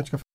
automática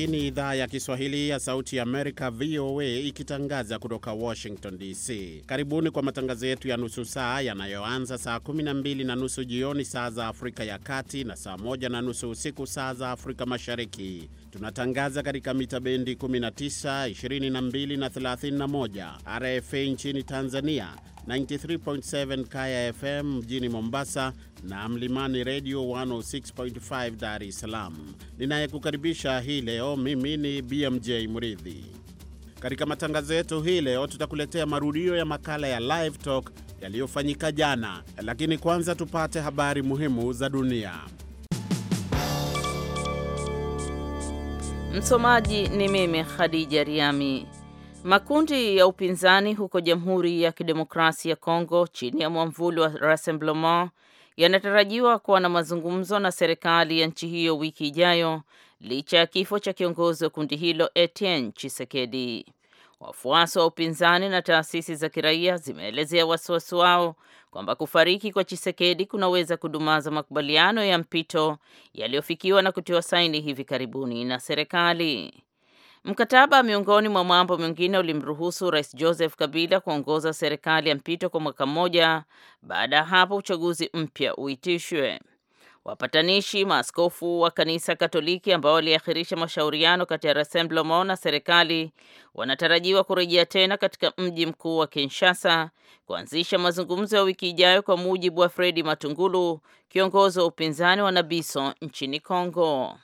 Hii ni idhaa ya Kiswahili ya Sauti ya Amerika, VOA, ikitangaza kutoka Washington DC. Karibuni kwa matangazo yetu ya nusu saa yanayoanza saa 12 na nusu jioni saa za Afrika ya Kati na saa 1 na nusu usiku saa za Afrika Mashariki. Tunatangaza katika mita bendi 19, 22 na 31, RFA nchini Tanzania 93.7 Kaya FM mjini Mombasa na Mlimani Redio 106.5 Dar es Salaam. Ninayekukaribisha hii leo mimi ni BMJ Mridhi. Katika matangazo yetu hii leo tutakuletea marudio ya makala ya Live Talk yaliyofanyika jana, lakini kwanza tupate habari muhimu za dunia. Msomaji ni mimi Khadija Riami. Makundi ya upinzani huko Jamhuri ya Kidemokrasia ya Kongo chini ya mwamvuli wa Rassemblement yanatarajiwa kuwa na mazungumzo na serikali ya nchi hiyo wiki ijayo licha ya kifo cha kiongozi wa kundi hilo Etienne Chisekedi. Wafuasi wa upinzani na taasisi za kiraia zimeelezea wasiwasi wao kwamba kufariki kwa Chisekedi kunaweza kudumaza makubaliano ya mpito yaliyofikiwa na kutiwa saini hivi karibuni na serikali. Mkataba miongoni mwa mambo mengine ulimruhusu Rais Joseph Kabila kuongoza serikali ya mpito kwa mwaka mmoja. Baada ya hapo uchaguzi mpya uitishwe. Wapatanishi maaskofu wa kanisa Katoliki ambao waliahirisha mashauriano kati ya Rassemblement na serikali wanatarajiwa kurejea tena katika mji mkuu wa Kinshasa kuanzisha mazungumzo ya wiki ijayo, kwa mujibu wa Fredi Matungulu, kiongozi wa upinzani wa Nabiso nchini congo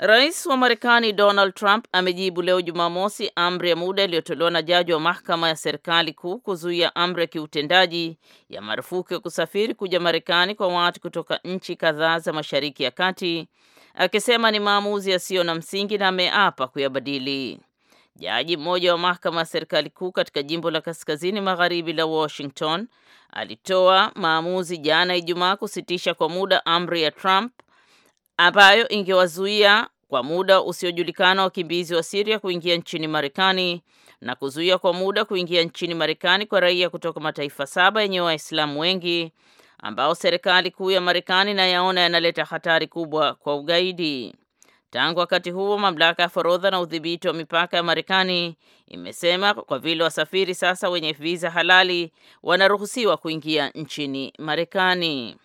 Rais wa Marekani Donald Trump amejibu leo Jumamosi amri ya muda iliyotolewa na jaji wa mahakama ya serikali kuu kuzuia amri ya kiutendaji ya marufuku ya kusafiri kuja Marekani kwa watu kutoka nchi kadhaa za Mashariki ya Kati, akisema ni maamuzi yasiyo na msingi na ameapa kuyabadili. Jaji mmoja wa mahakama ya serikali kuu katika jimbo la kaskazini magharibi la Washington alitoa maamuzi jana Ijumaa kusitisha kwa muda amri ya Trump ambayo ingewazuia kwa muda usiojulikana wakimbizi wa Syria kuingia nchini Marekani na kuzuia kwa muda kuingia nchini Marekani kwa raia kutoka mataifa saba yenye Waislamu wengi ambao serikali kuu ya Marekani inayaona yanaleta hatari kubwa kwa ugaidi. Tangu wakati huo, mamlaka ya forodha na udhibiti wa mipaka ya Marekani imesema kwa vile wasafiri sasa wenye viza halali wanaruhusiwa kuingia nchini Marekani.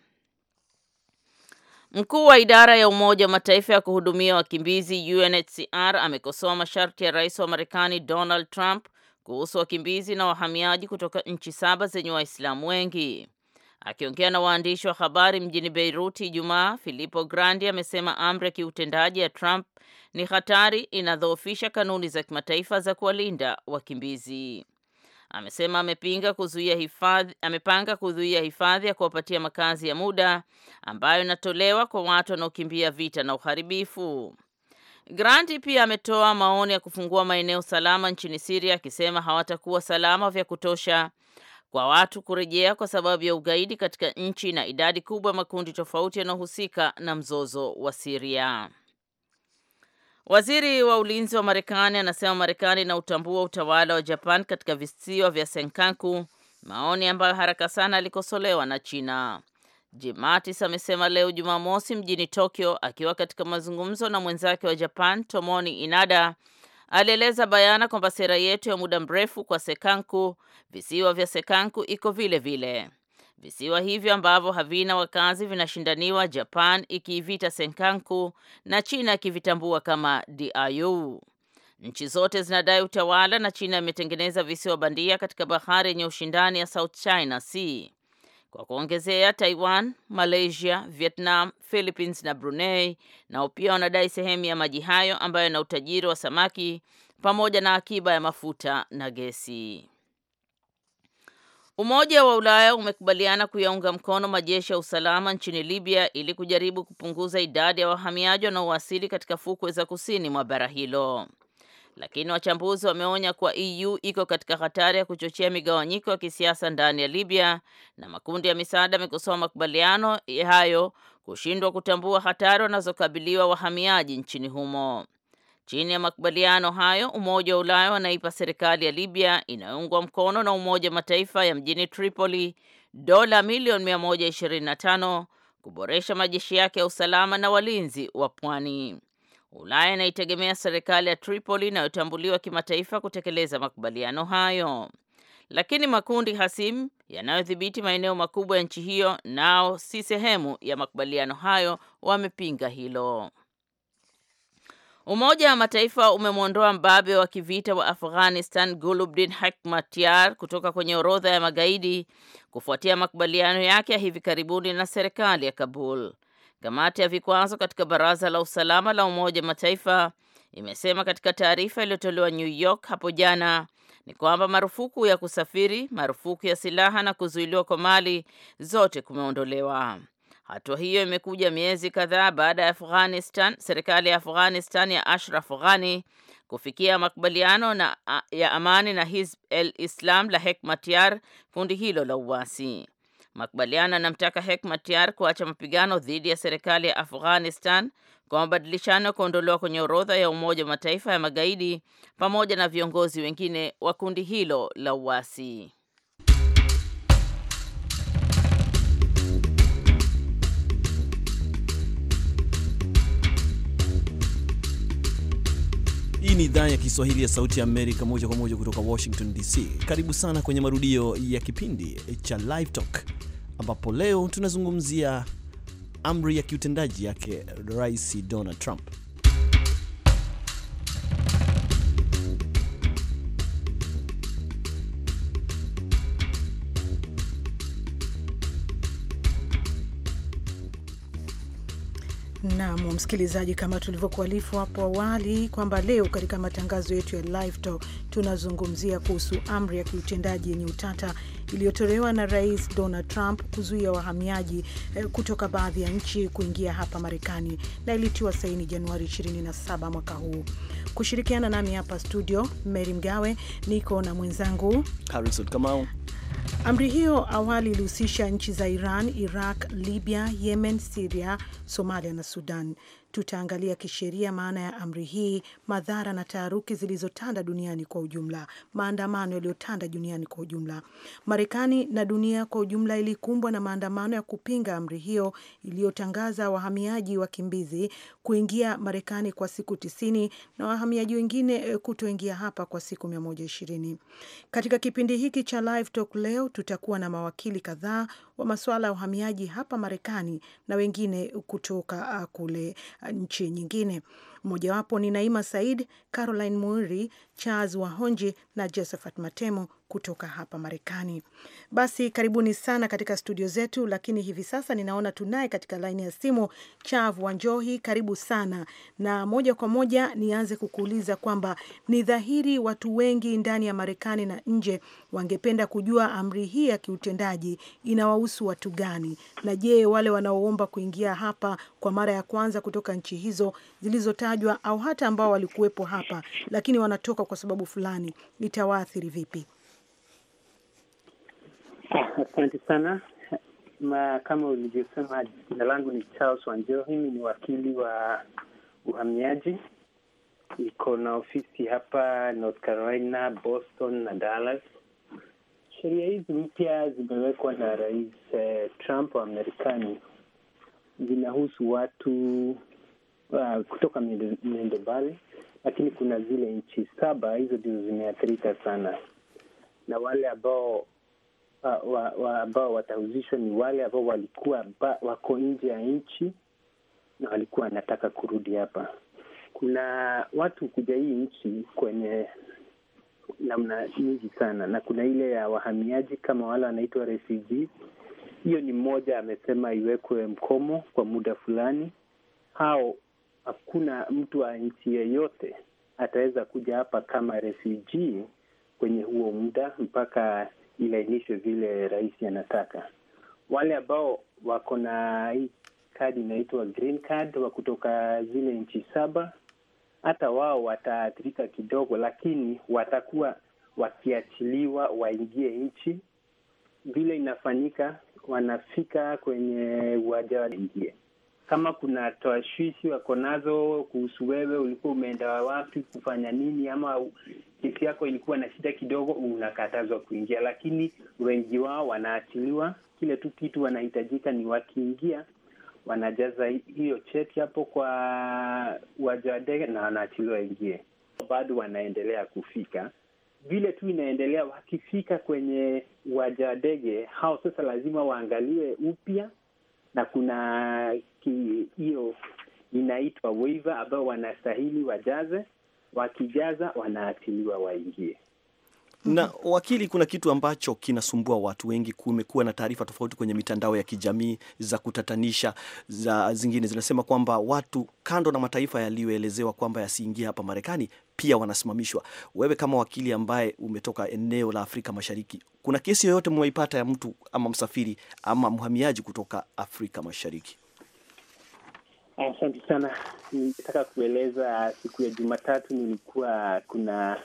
Mkuu wa idara ya Umoja wa Mataifa ya kuhudumia wakimbizi UNHCR amekosoa masharti ya rais wa Marekani Donald Trump kuhusu wakimbizi na wahamiaji kutoka nchi saba zenye Waislamu wengi. Akiongea na waandishi wa habari mjini Beiruti Ijumaa, Filippo Grandi amesema amri ya kiutendaji ya Trump ni hatari, inadhoofisha kanuni za kimataifa za kuwalinda wakimbizi amesema amepinga kuzuia hifadhi, amepanga kuzuia hifadhi ya kuwapatia makazi ya muda ambayo inatolewa kwa watu wanaokimbia vita na uharibifu. granti pia ametoa maoni ya kufungua maeneo salama nchini Siria akisema hawatakuwa salama vya kutosha kwa watu kurejea kwa sababu ya ugaidi katika nchi na idadi kubwa ya makundi tofauti yanayohusika na mzozo wa Siria. Waziri wa ulinzi wa Marekani anasema Marekani inautambua utawala wa Japan katika visiwa vya Senkaku, maoni ambayo haraka sana alikosolewa na China. Jim Mattis amesema leo Jumamosi mjini Tokyo akiwa katika mazungumzo na mwenzake wa Japan tomoni Inada alieleza bayana kwamba sera yetu ya muda mrefu kwa Senkaku, visiwa vya Senkaku iko vile vile. Visiwa hivyo ambavyo havina wakazi vinashindaniwa, Japan ikiivita Senkaku na China ikivitambua kama Diu. Nchi zote zinadai utawala na China imetengeneza visiwa bandia katika bahari yenye ushindani ya South China Sea. Kwa kuongezea, Taiwan, Malaysia, Vietnam, Philippines na Brunei nao pia wanadai sehemu ya maji hayo ambayo yana utajiri wa samaki pamoja na akiba ya mafuta na gesi. Umoja wa Ulaya umekubaliana kuyaunga mkono majeshi ya usalama nchini Libya ili kujaribu kupunguza idadi ya wahamiaji wanaowasili katika fukwe za kusini mwa bara hilo. Lakini wachambuzi wameonya kuwa EU iko katika hatari ya kuchochea migawanyiko ya kisiasa ndani ya Libya na makundi ya misaada yamekosoa makubaliano hayo kushindwa kutambua hatari wanazokabiliwa wahamiaji nchini humo. Chini ya makubaliano hayo, Umoja wa Ulaya wanaipa serikali ya Libya inayoungwa mkono na Umoja wa Mataifa ya mjini Tripoli dola milioni 125 kuboresha majeshi yake ya usalama na walinzi wa pwani. Ulaya inaitegemea serikali ya Tripoli inayotambuliwa kimataifa kutekeleza makubaliano hayo, lakini makundi hasimu yanayodhibiti maeneo makubwa ya nchi hiyo nao si sehemu ya makubaliano hayo, wamepinga hilo. Umoja wa Mataifa umemwondoa mbabe wa kivita wa Afghanistan gulubdin Hekmatyar kutoka kwenye orodha ya magaidi kufuatia makubaliano yake ya hivi karibuni na serikali ya Kabul. Kamati ya vikwazo katika Baraza la Usalama la Umoja wa Mataifa imesema katika taarifa iliyotolewa New York hapo jana ni kwamba marufuku ya kusafiri, marufuku ya silaha na kuzuiliwa kwa mali zote kumeondolewa. Hatua hiyo imekuja miezi kadhaa baada ya Afghanistan, serikali ya Afghanistan ya Ashraf Ghani kufikia makubaliano na, ya amani na Hizb el Islam la Hekmatyar, kundi hilo la uasi. Makubaliano yanamtaka Hekmatyar kuacha mapigano dhidi ya serikali ya Afghanistan kwa mabadilishano ya kuondolewa kwenye orodha ya Umoja wa Mataifa ya magaidi pamoja na viongozi wengine wa kundi hilo la uasi. Hii ni idhaa ya Kiswahili ya Sauti ya Amerika, moja kwa moja kutoka Washington DC. Karibu sana kwenye marudio ya kipindi cha livetok ambapo leo tunazungumzia amri ya kiutendaji yake Rais Donald Trump. Naam, msikilizaji, kama tulivyokualifu hapo awali kwamba leo katika matangazo yetu ya Live Talk tunazungumzia kuhusu amri ya kiutendaji yenye utata iliyotolewa na Rais Donald Trump kuzuia wahamiaji eh, kutoka baadhi ya nchi kuingia hapa Marekani na ilitiwa saini Januari 27 mwaka huu. Kushirikiana nami hapa studio, Mary Mgawe, niko na mwenzangu Harrison Kamau. Amri hiyo awali ilihusisha nchi za Iran, Iraq, Libya, Yemen, Siria, Somalia na Sudan. Tutaangalia kisheria maana ya amri hii, madhara na taharuki zilizotanda duniani kwa ujumla, maandamano yaliyotanda duniani kwa ujumla. Marekani na dunia kwa ujumla ilikumbwa na maandamano ya kupinga amri hiyo iliyotangaza wahamiaji wakimbizi kuingia Marekani kwa siku tisini na wahamiaji wengine eh, kutoingia hapa kwa siku mia moja ishirini. Katika kipindi hiki cha Live Talk leo tutakuwa na mawakili kadhaa wa masuala ya uhamiaji hapa Marekani na wengine kutoka ah, kule ah, nchi nyingine. Mmojawapo ni Naima Said, Caroline Muiri, Charles Wahonji na Josephat Matemo kutoka hapa Marekani. Basi karibuni sana katika studio zetu, lakini hivi sasa ninaona tunaye katika laini ya simu Chavu Wanjohi, karibu sana. Na moja kwa moja nianze kukuuliza kwamba ni dhahiri watu wengi ndani ya Marekani na nje wangependa kujua amri hii ya kiutendaji inawahusu watu gani, na je, wale wanaoomba kuingia hapa kwa mara ya kwanza kutoka nchi hizo zilizota waliotajwa au hata ambao walikuwepo hapa lakini wanatoka kwa sababu fulani, litawaathiri vipi? Ah, asante sana. Ma, kama ulivyosema, jina langu ni Charles himi ni wakili wa uhamiaji. Iko na ofisi hapa North Carolina, Boston na Dallas. Sheria hizi mpya zimewekwa na Rais eh, Trump wa Marekani, zinahusu watu uh, kutoka miendo mbali, lakini kuna zile nchi saba, hizo ndizo zimeathirika sana, na wale ambao uh, wa, wa, ambao watahusishwa ni wale ambao walikuwa ba, wako nje ya nchi na walikuwa wanataka kurudi hapa. Kuna watu kuja hii nchi kwenye namna nyingi sana, na kuna ile ya wahamiaji kama wale wanaitwa refugee. Hiyo ni mmoja amesema iwekwe mkomo kwa muda fulani. Hao hakuna mtu wa nchi yeyote ataweza kuja hapa kama refugee kwenye huo muda mpaka ilainishwe vile rais anataka. Wale ambao wako na hii kadi inaitwa green card wa kutoka zile nchi saba, hata wao wataathirika kidogo, lakini watakuwa wakiachiliwa waingie nchi vile inafanyika, wanafika kwenye uwanja waingie kama kuna tashwishi wako nazo kuhusu wewe, ulikuwa umeenda wapi kufanya nini, ama kesi yako ilikuwa na shida kidogo, unakatazwa kuingia. Lakini wengi wao wanaachiliwa, kile tu kitu wanahitajika ni wakiingia, wanajaza hiyo cheti hapo kwa uwanja wa ndege na wanaachiliwa ingie. Bado wanaendelea kufika vile tu inaendelea. Wakifika kwenye uwanja wa ndege, hao sasa lazima waangalie upya na kuna hiyo inaitwa waiver, ambao wanastahili wajaze. Wakijaza wanaachiliwa waingie. Na wakili, kuna kitu ambacho kinasumbua watu wengi. Kumekuwa na taarifa tofauti kwenye mitandao ya kijamii za kutatanisha, za zingine zinasema kwamba watu kando na mataifa yaliyoelezewa kwamba yasiingie hapa Marekani pia wanasimamishwa. Wewe kama wakili ambaye umetoka eneo la Afrika Mashariki, kuna kesi yoyote mmeipata ya mtu ama msafiri ama mhamiaji kutoka Afrika Mashariki? Asante sana. Nitaka kueleza siku ya Jumatatu nilikuwa kuna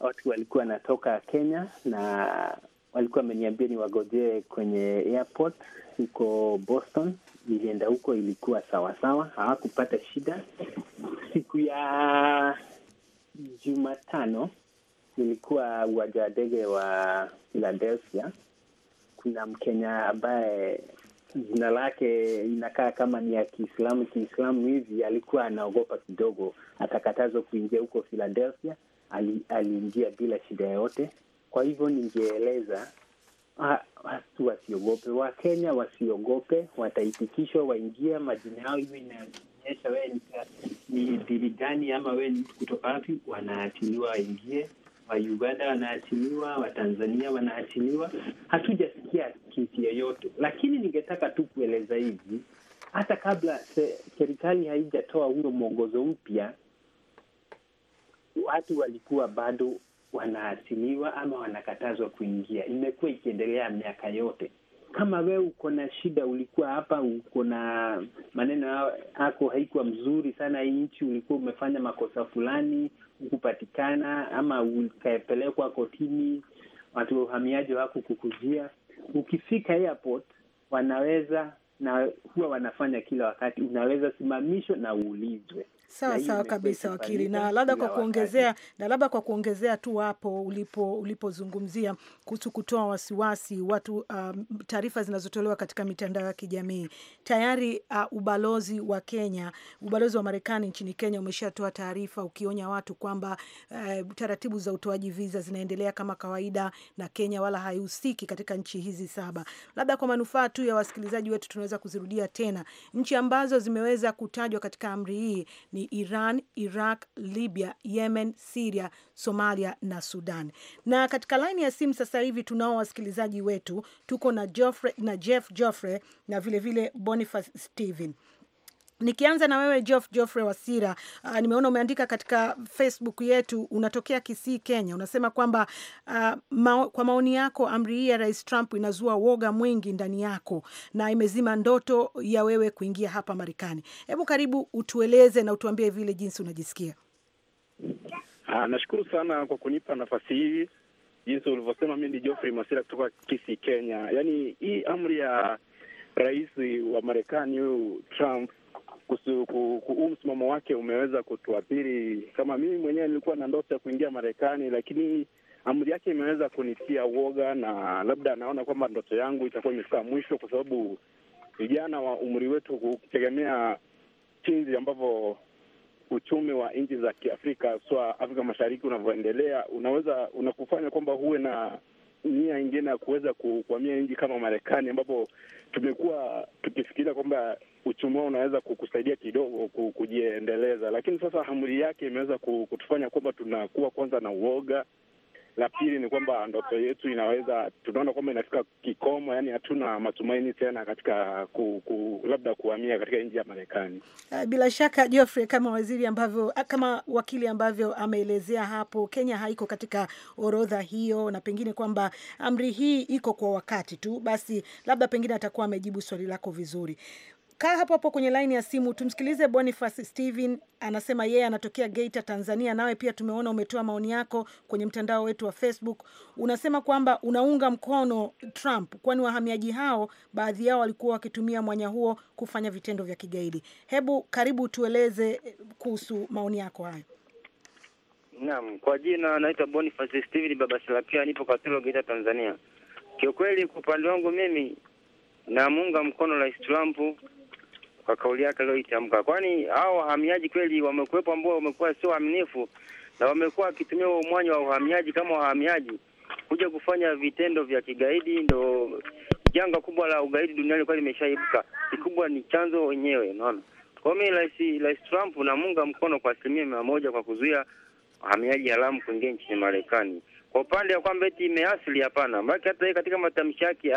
watu walikuwa wanatoka Kenya na walikuwa wameniambia niwagojee kwenye airport huko Boston. Nilienda huko, ilikuwa sawasawa, hawakupata shida. Siku ya Jumatano nilikuwa uwanja wa ndege wa Philadelphia. Kuna Mkenya ambaye jina lake inakaa kama ni ya Kiislamu Kiislamu hivi, alikuwa anaogopa kidogo, atakatazwa kuingia huko Philadelphia. Ali, aliingia bila shida yoyote. Kwa hivyo ningeeleza watu wasiogope, Wakenya wasiogope, wataitikishwa, waingie majina yao, hiyo inaonyesha wee ni dirigani ama wee ni mtu kutoka wapi, wanaachiliwa waingie wa Uganda wanaachiliwa, Watanzania wanaachiliwa, hatujasikia kesi yoyote. Lakini ningetaka tu kueleza hivi, hata kabla serikali haijatoa huyo mwongozo mpya, watu walikuwa bado wanaasiliwa ama wanakatazwa kuingia. Imekuwa ikiendelea miaka yote kama wewe uko na shida, ulikuwa hapa, uko na maneno yako haikuwa mzuri sana, hii nchi ulikuwa umefanya makosa fulani, hukupatikana ama ukapelekwa kotini, watu wa uhamiaji kukujia ukifika airport wanaweza na huwa wanafanya kila wakati, unaweza simamishwa na uulizwe. Sawa sawa kabisa wakili, na labda kwa kuongezea, na labda kwa kuongezea tu hapo ulipo ulipozungumzia kuhusu kutoa wasiwasi watu, um, taarifa zinazotolewa katika mitandao ya kijamii tayari, uh, ubalozi wa Kenya, ubalozi wa Marekani nchini Kenya umeshatoa taarifa ukionya watu kwamba uh, taratibu za utoaji visa zinaendelea kama kawaida na Kenya wala haihusiki katika nchi hizi saba. Labda kwa manufaa tu ya wasikilizaji wetu tunaweza kuzirudia tena nchi ambazo zimeweza kutajwa katika amri hii ni ni Iran, Iraq, Libya, Yemen, Siria, Somalia na Sudan. Na katika laini ya simu sasa hivi tunao wasikilizaji wetu, tuko na Geoffrey, na Jeff joffrey na vilevile Boniface stehen Nikianza na wewe Geoff Geoffrey Wasira, uh, nimeona umeandika katika Facebook yetu, unatokea Kisii, Kenya. Unasema kwamba uh, ma kwa maoni yako amri hii ya Rais Trump inazua woga mwingi ndani yako na imezima ndoto ya wewe kuingia hapa Marekani. Hebu karibu utueleze na utuambie vile jinsi unajisikia. Ha, ah, nashukuru sana kwa kunipa nafasi hii. Jinsi ulivyosema, mimi ni Geoffrey Masira kutoka Kisii, Kenya. Yaani hii amri ya rais wa Marekani huyu Trump huu msimamo wake umeweza kutuathiri. Kama mimi mwenyewe nilikuwa na ndoto ya kuingia Marekani, lakini amri yake imeweza kunitia woga, na labda anaona kwamba ndoto yangu itakuwa imefika mwisho, kwa sababu vijana wa umri wetu kutegemea chinzi ambavyo uchumi wa nchi za Kiafrika haswa Afrika Mashariki unavyoendelea unaweza unakufanya kwamba huwe na nia ingine ya kuweza kukwamia nchi kama Marekani, ambapo tumekuwa tukifikiria kwamba uchumi wao unaweza kukusaidia kidogo kujiendeleza, lakini sasa amri yake imeweza kutufanya kwamba tunakuwa kwanza na uoga. La pili ni kwamba ndoto yetu inaweza, tunaona kwamba inafika kikomo, yani hatuna matumaini tena katika ku, ku, labda kuhamia katika nchi ya Marekani. Eh, bila shaka Geoffrey, kama waziri ambavyo, ah, kama wakili ambavyo ameelezea hapo, Kenya haiko katika orodha hiyo, na pengine kwamba amri hii iko kwa wakati tu. Basi labda pengine atakuwa amejibu swali lako vizuri. Kaa hapo hapo kwenye laini ya simu, tumsikilize Boniface Steven anasema yeye anatokea Geita, Tanzania. Nawe pia tumeona umetoa maoni yako kwenye mtandao wetu wa Facebook. Unasema kwamba unaunga mkono Trump, kwani wahamiaji hao baadhi yao walikuwa wakitumia mwanya huo kufanya vitendo vya kigaidi. Hebu karibu tueleze kuhusu maoni yako hayo. Naam, kwa jina naitwa Boniface Steven baba Salapia, nipo Katoro, Geita, Tanzania. Kiukweli, kwa upande wangu mimi namuunga mkono Rais Trump kwa kauli yake aliyoitamka, kwani hao wahamiaji kweli wamekuwepo ambao wamekuwa sio waaminifu na wamekuwa wakitumia umwanya wa uhamiaji kama wahamiaji kuja kufanya vitendo vya kigaidi. Ndo janga kubwa la ugaidi duniani kwa limeshaibuka, kikubwa ni chanzo wenyewe, unaona. Kwa mimi rais rais Trump namunga mkono kwa asilimia mia moja kwa kuzuia wahamiaji haramu kuingia nchini Marekani. Kwa upande wa kwamba eti imeasili, hapana, maana hata katika matamshi yake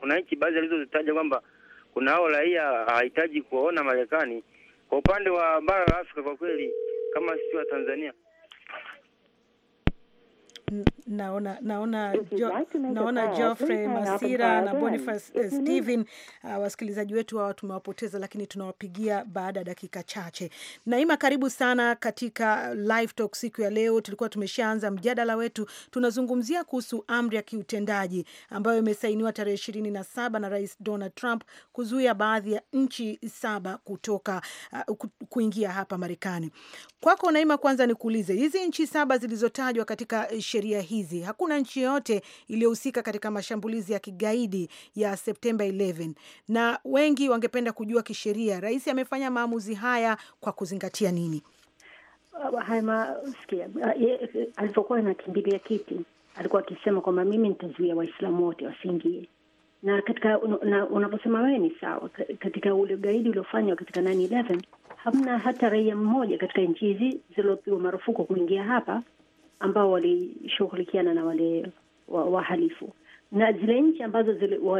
kuna nchi baadhi alizozitaja kwamba hao raia hahitaji kuwaona Marekani. Kwa upande wa bara la Afrika, kwa kweli kama sisi wa Tanzania naona naona jo, naona Geoffrey Masira na Boniface eh, Steven uh, wasikilizaji wetu hawa tumewapoteza, lakini tunawapigia baada ya dakika chache. Naima, karibu sana katika live talk siku ya leo. Tulikuwa tumeshaanza mjadala wetu, tunazungumzia kuhusu amri ya kiutendaji ambayo imesainiwa tarehe ishirini na saba na Rais Donald Trump kuzuia baadhi ya nchi saba kutoka uh, kuingia hapa Marekani. Kwako Naima, kwanza nikuulize hizi nchi saba zilizotajwa katika eh, sheria hizi. Hakuna nchi yoyote iliyohusika katika mashambulizi ya kigaidi ya Septemba 11 na wengi wangependa kujua kisheria, rais amefanya maamuzi haya kwa kuzingatia nini? alivokuwa ah, sikia, ah, alipokuwa anakimbilia kiti alikuwa akisema kwamba mimi nitazuia Waislamu wote wasiingie na katika unaposema wewe ni sawa, katika ule ugaidi uliofanywa katika 9/11 hamna hata raia mmoja katika nchi hizi zilizopigwa marufuku kuingia hapa ambao walishughulikiana na wale wahalifu wa na zile nchi ambazo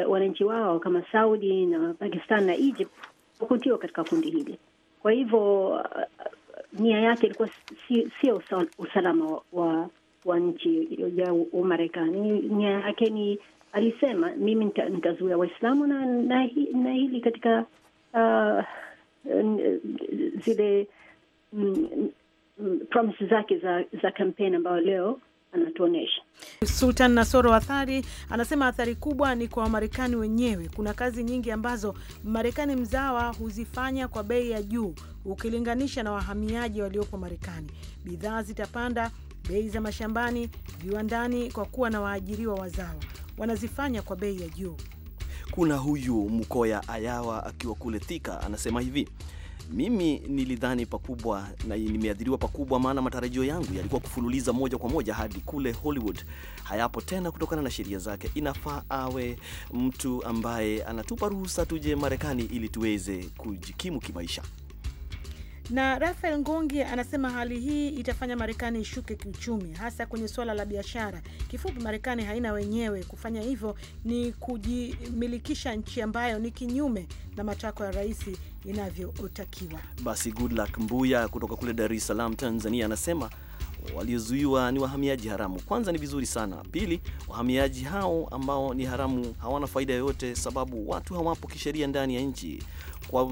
wananchi wao kama Saudi na Pakistan na Egypt wakutiwa katika kundi hili. Kwa hivyo uh, nia yake ilikuwa sio si usalama wa, wa nchi ya Umarekani. Nia yake ni alisema, mimi nitazuia Waislamu na, na, na hili katika uh, zile mm, promise zake za, za kampeni ambayo leo anatuonesha. Sultan Nasoro athari anasema athari kubwa ni kwa Wamarekani wenyewe. Kuna kazi nyingi ambazo Marekani mzawa huzifanya kwa bei ya juu ukilinganisha na wahamiaji waliopo Marekani. Bidhaa zitapanda, bei za mashambani, viwandani, kwa kuwa na waajiriwa wazawa wanazifanya kwa bei ya juu. Kuna huyu Mkoya Ayawa akiwa kule Thika anasema hivi mimi nilidhani pakubwa na nimeathiriwa pakubwa, maana matarajio yangu yalikuwa kufululiza moja kwa moja hadi kule Hollywood. Hayapo tena kutokana na sheria zake. Inafaa awe mtu ambaye anatupa ruhusa tuje Marekani ili tuweze kujikimu kimaisha. Na Rafael Ngongi anasema hali hii itafanya Marekani ishuke kiuchumi, hasa kwenye suala la biashara. Kifupi, Marekani haina wenyewe. Kufanya hivyo ni kujimilikisha nchi ambayo ni kinyume na matakwa ya rais inavyotakiwa. Basi good luck Mbuya kutoka kule Dar es Salaam, Tanzania, anasema waliozuiwa ni wahamiaji haramu. Kwanza ni vizuri sana, pili wahamiaji hao ambao ni haramu hawana faida yoyote, sababu watu hawapo kisheria ndani ya nchi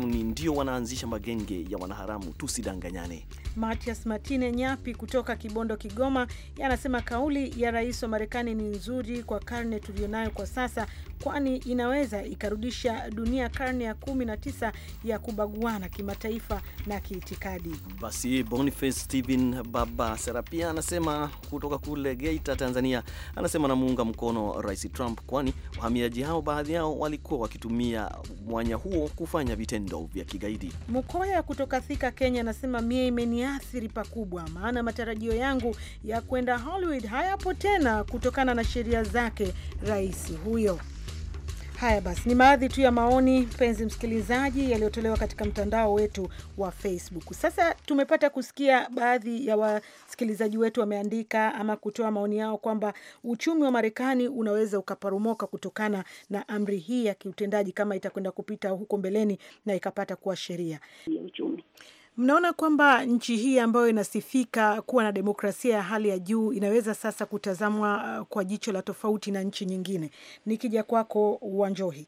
ni ndio wanaanzisha magenge ya wanaharamu, tusidanganyane. Matias Matine Nyapi kutoka Kibondo, Kigoma, anasema kauli ya rais wa Marekani ni nzuri kwa karne tuliyonayo kwa sasa, kwani inaweza ikarudisha dunia karne ya kumi na tisa ya kubaguana kimataifa na kiitikadi. Basi Boniface Stephen Baba Serapia anasema kutoka kule Geita, Tanzania, anasema anamuunga mkono Rais Trump, kwani wahamiaji hao baadhi yao walikuwa wakitumia mwanya huo kufanya vitendo vya kigaidi. Mkoya kutoka Thika, Kenya, anasema mie imeni imeathiri pakubwa, maana matarajio yangu ya kwenda Hollywood hayapo tena kutokana na sheria zake rais huyo. Haya basi, ni baadhi tu ya maoni, mpenzi msikilizaji, yaliyotolewa katika mtandao wetu wa Facebook. Sasa tumepata kusikia baadhi ya wasikilizaji wetu wameandika ama kutoa maoni yao kwamba uchumi wa Marekani unaweza ukaparomoka kutokana na amri hii ya kiutendaji, kama itakwenda kupita huko mbeleni na ikapata kuwa sheria uchumi Mnaona kwamba nchi hii ambayo inasifika kuwa na demokrasia ya hali ya juu inaweza sasa kutazamwa uh, kwa jicho la tofauti na nchi nyingine. Nikija kwako Wanjohi.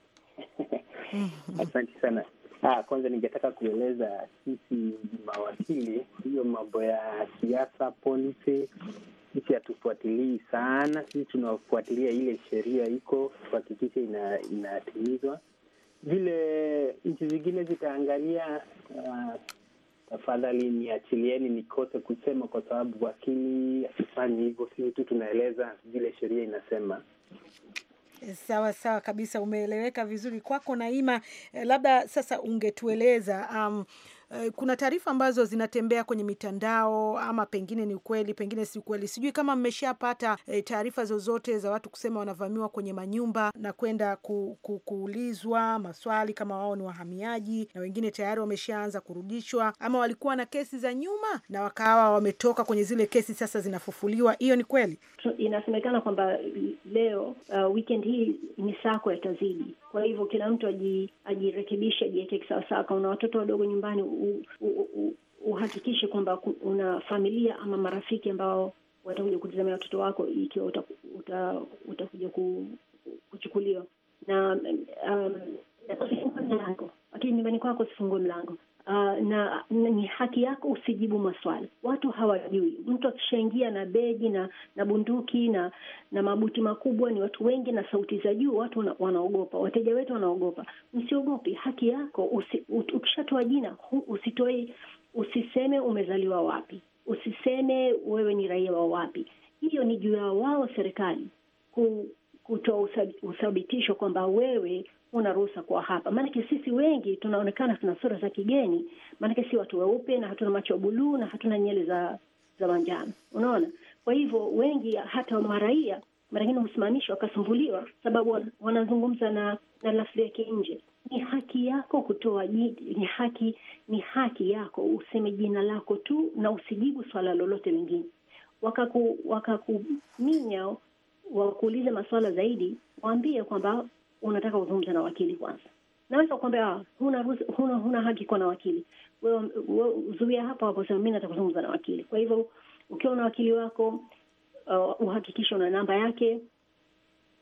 Asante sana. Ah, kwanza ningetaka kueleza sisi mawakili, hiyo mambo ya siasa policy sisi hatufuatilii sana. Sisi tunafuatilia ile sheria iko tuhakikishe ina, inatimizwa. Vile nchi zingine zitaangalia uh, tafadhali niachilieni nikose kusema, kwa sababu wakili asifanyi hivyo, sisi tu tunaeleza vile sheria inasema. Sawa sawa kabisa, umeeleweka vizuri kwako Naima. Eh, labda sasa ungetueleza um, Eh, kuna taarifa ambazo zinatembea kwenye mitandao, ama pengine ni ukweli, pengine si ukweli. Sijui kama mmeshapata e, taarifa zozote za watu kusema wanavamiwa kwenye manyumba na kwenda ku, ku, kuulizwa maswali kama wao ni wahamiaji, na wengine tayari wameshaanza kurudishwa, ama walikuwa na kesi za nyuma na wakawa wametoka kwenye zile kesi, sasa zinafufuliwa. Hiyo ni kweli. Inasemekana kwamba leo uh, weekend hii misako yatazidi kwa hivyo kila mtu ajirekebishe, ajiweke kisawasawa. Kama una watoto wadogo nyumbani, uhakikishe kwamba una familia ama marafiki ambao watakuja kutizamia watoto wako ikiwa utakuja uta, uta kuchukuliwa na um, lakini nyumbani kwako sifungue mlango uh, na, na ni haki yako usijibu maswali. Watu hawajui, mtu akishaingia na begi na na bunduki na na mabuti makubwa, ni watu wengi na sauti za juu, watu wanaogopa, wateja wetu wanaogopa. Msiogopi, haki yako. Ukishatoa jina usitoi, usiseme umezaliwa wapi, usiseme wewe ni raia wa wapi. Hiyo ni juu ya wao serikali kutoa uthabitisho kwamba wewe una ruhusa kuwa hapa. Maanake sisi wengi tunaonekana tuna sura za kigeni, maanake si watu weupe na hatuna macho buluu na hatuna nyele za za manjano, unaona. Kwa hivyo wengi hata maraia mara nyingine husimamishwa wakasumbuliwa, sababu wanazungumza na na lafudhi ya kinje. Ni haki yako kutoa jiji, ni haki ni haki yako useme jina lako tu na usijibu swala lolote lingine. Wakakuminya wakaku, wakuulize maswala zaidi, waambie kwamba unataka uzungumza na wakili kwanza. Naweza kukwambia ah, huna, huna, huna haki kuwa na wakili wewe, zuia hapa waposema mi nataka kuzungumza na wakili. Kwa hivyo ukiwa na wakili wako uh, uhakikishe una namba yake,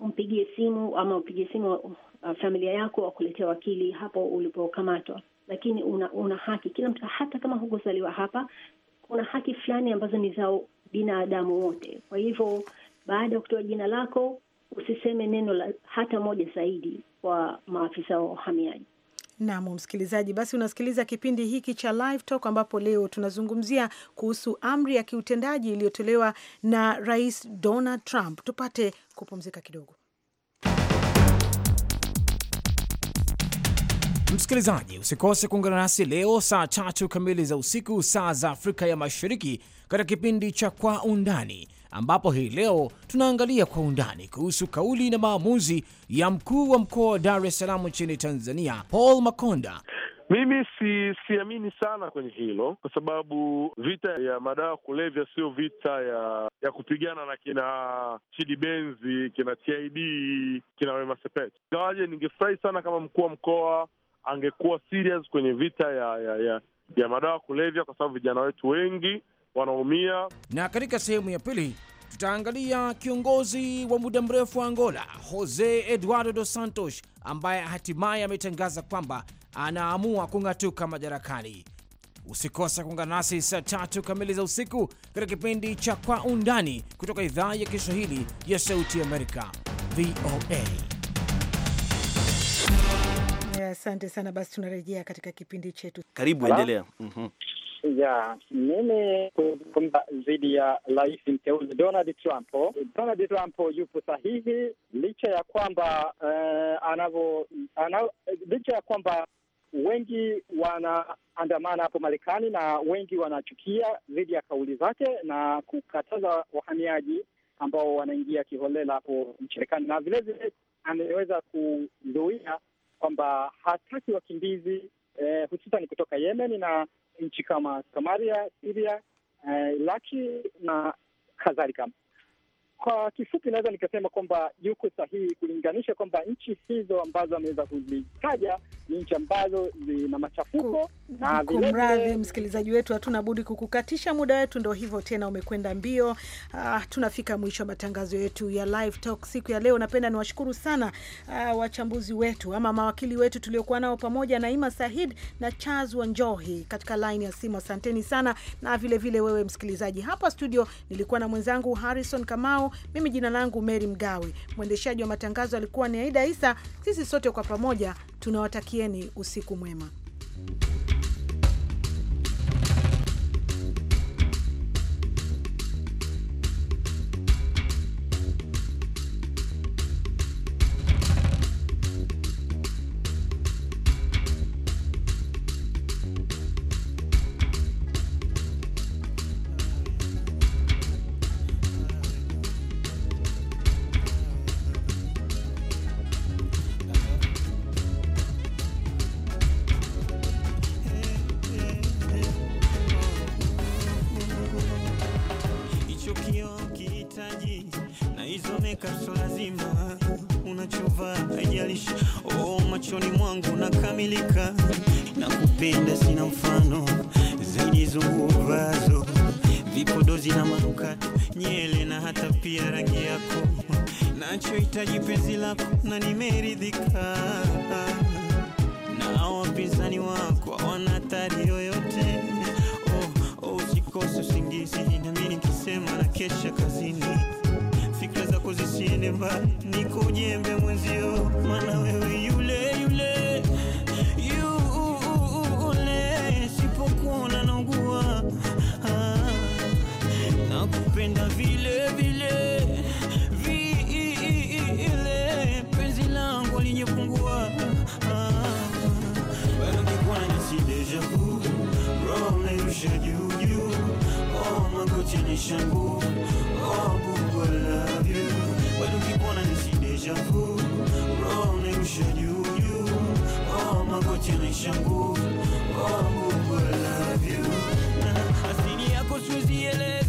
umpigie simu ama upigie simu uh, familia yako wakuletea wakili hapo ulipokamatwa. Lakini una, una haki kila mtu, hata kama hukuzaliwa hapa, kuna haki fulani ambazo ni za binadamu wote. Kwa hivyo baada ya kutoa jina lako usiseme neno la hata moja zaidi kwa maafisa wa uhamiaji. Naam, msikilizaji, basi unasikiliza kipindi hiki cha Live Talk ambapo leo tunazungumzia kuhusu amri ya kiutendaji iliyotolewa na Rais Donald Trump. Tupate kupumzika kidogo. Msikilizaji, usikose kuungana nasi leo saa tatu kamili za usiku, saa za Afrika ya Mashariki, katika kipindi cha Kwa Undani ambapo hii leo tunaangalia kwa undani kuhusu kauli na maamuzi ya mkuu wa mkoa wa Dar es Salaam nchini Tanzania, Paul Makonda. Mimi si siamini sana kwenye hilo kwa sababu vita ya madawa kulevya sio vita ya ya kupigana na kina Chidi Benzi, kina TID, kina Wema Sepetu. Ingawaje ningefurahi sana kama mkuu wa mkoa angekuwa serious kwenye vita ya ya ya, ya madawa kulevya, kwa sababu vijana wetu wengi wanaumia. Na katika sehemu ya pili tutaangalia kiongozi wa muda mrefu wa Angola Jose Eduardo dos Santos ambaye hatimaye ametangaza kwamba anaamua kung'atuka madarakani. Usikose kuungana nasi saa tatu kamili za usiku katika kipindi cha Kwa Undani kutoka idhaa ya Kiswahili ya Sauti Amerika, VOA. Asante sana. Basi tunarejea katika kipindi chetu. Karibu, endelea. mm -hmm ya mimi kuzungumza dhidi ya rais mteule Donald Trump. Donald Trump yupo sahihi, licha ya kwamba uh, anavo, ana, licha ya kwamba wengi wanaandamana hapo Marekani na wengi wanachukia dhidi ya kauli zake na kukataza wahamiaji ambao wanaingia kiholela hapo Marekani, na vilevile ameweza kuzuia kwamba hataki wakimbizi eh, hususan kutoka Yemen na nchi kama Somalia, Syria, eh, Iraki na kadhalika. Kwa kifupi, naweza nikasema kwamba yuko sahihi kulinganisha kwamba nchi hizo ambazo ameweza kuzitaja ni nchi ambazo zina machafuko. Kumradhi msikilizaji wetu, hatuna budi kukukatisha muda wetu, ndo hivyo tena, umekwenda mbio. Ah, tunafika mwisho wa matangazo yetu ya Live Talk siku ya leo. Napenda niwashukuru sana ah, wachambuzi wetu ama mawakili wetu tuliokuwa nao pamoja, Naima Sahid na Charles Wanjohi katika laini ya simu. Asanteni sana, na vilevile vile wewe msikilizaji. Hapa studio nilikuwa na mwenzangu Harrison Kamau mimi jina langu Mary Mgawe, mwendeshaji wa matangazo alikuwa ni Aida Isa. Sisi sote kwa pamoja tunawatakieni usiku mwema. nahitaji penzi lako na nimeridhika, na wapinzani wako wana hatari yoyote. Oh, oh, usikose usingizi, nami nikisema na kesha kazini, fikra zako zisiende mbali, niko jembe mwenzio, maana wewe yule yule yule, sipokuona naugua, ah, nakupenda vile vile nation boo. Oh, boo, I love you. Why do you wanna see deja vu? Wrong oh, nation, you, you. Oh, my God, your nation boo. Oh, boo, I love you. Asili yako siuzieleza,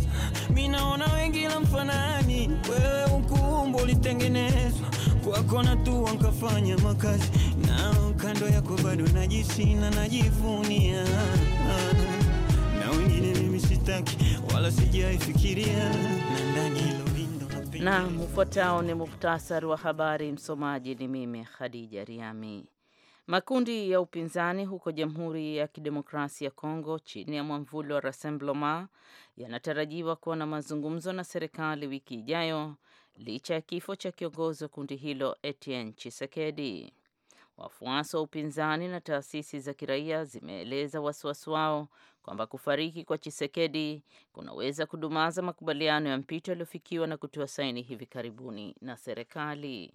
mi naona wengi la mfanani wewe, ukuumba ulitengenezwa kwako na tu nkafanya makazi nao, kando yako bado najisina, najivunia na wengine mimi sitaki ambalo sijaifikiria na ndani na ufuatao ni muhtasari wa habari. Msomaji ni mimi Khadija Riami. Makundi ya upinzani huko Jamhuri ya Kidemokrasia ya Kongo chini ya mwamvuli wa Rassemblement yanatarajiwa kuwa na mazungumzo na serikali wiki ijayo licha ya kifo cha kiongozi wa kundi hilo Etienne chisekedi Wafuasi wa upinzani na taasisi za kiraia zimeeleza wasiwasi wao kwamba kufariki kwa Chisekedi kunaweza kudumaza makubaliano ya mpito yaliyofikiwa na kutiwa saini hivi karibuni na serikali.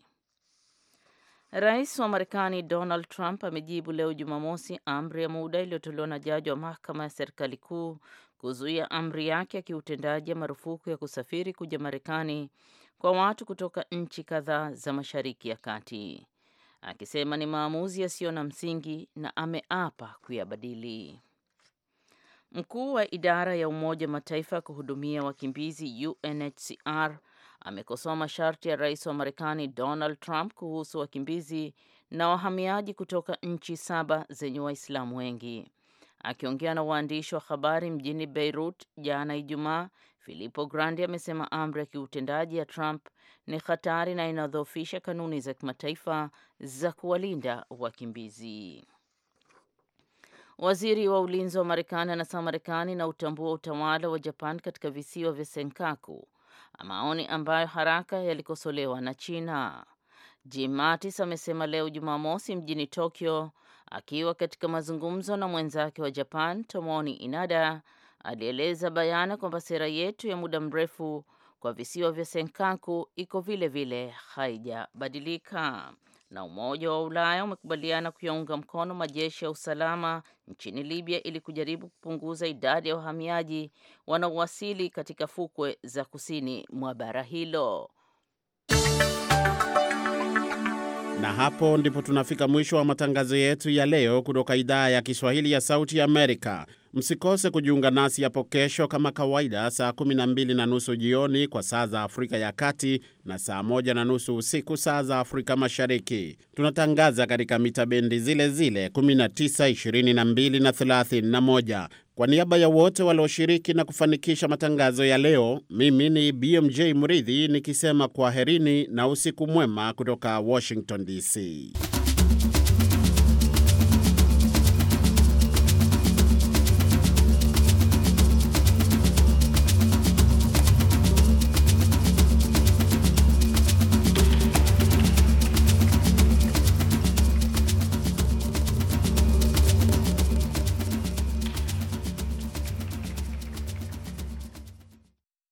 Rais wa Marekani Donald Trump amejibu leo Jumamosi amri ya muda iliyotolewa na jaji wa mahakama ya serikali kuu kuzuia amri yake ya kiutendaji ya marufuku ya kusafiri kuja Marekani kwa watu kutoka nchi kadhaa za Mashariki ya Kati akisema ni maamuzi yasiyo na msingi na ameapa kuyabadili. Mkuu wa idara ya Umoja mataifa Mataifa kuhudumia wakimbizi UNHCR amekosoa masharti ya rais wa Marekani Donald Trump kuhusu wakimbizi na wahamiaji kutoka nchi saba zenye Waislamu wengi. Akiongea na waandishi wa habari mjini Beirut jana Ijumaa, Filippo Grandi amesema amri ya kiutendaji ya Trump ni hatari na inadhoofisha kanuni za kimataifa za kuwalinda wakimbizi. Waziri wa ulinzi wa Marekani anasema Marekani na utambua utawala wa Japan katika visiwa vya Senkaku, maoni ambayo haraka yalikosolewa na China. Jim Mattis amesema leo Jumamosi mjini Tokyo akiwa katika mazungumzo na mwenzake wa Japan tomoni Inada alieleza bayana kwamba sera yetu ya muda mrefu kwa visiwa vya Senkaku iko vile vile haijabadilika. Na Umoja wa Ulaya umekubaliana kuyaunga mkono majeshi ya usalama nchini Libya ili kujaribu kupunguza idadi ya wahamiaji wanaowasili katika fukwe za kusini mwa bara hilo. Na hapo ndipo tunafika mwisho wa matangazo yetu ya leo kutoka idhaa ya Kiswahili ya Sauti ya Amerika. Msikose kujiunga nasi hapo kesho kama kawaida, saa 12 na nusu jioni kwa saa za Afrika ya Kati na saa 1 na nusu usiku saa za Afrika Mashariki. Tunatangaza katika mita bendi zile zile 19, 22 na 31. Kwa niaba ya wote walioshiriki na kufanikisha matangazo ya leo, mimi ni BMJ Mridhi nikisema kwaherini na usiku mwema kutoka Washington DC.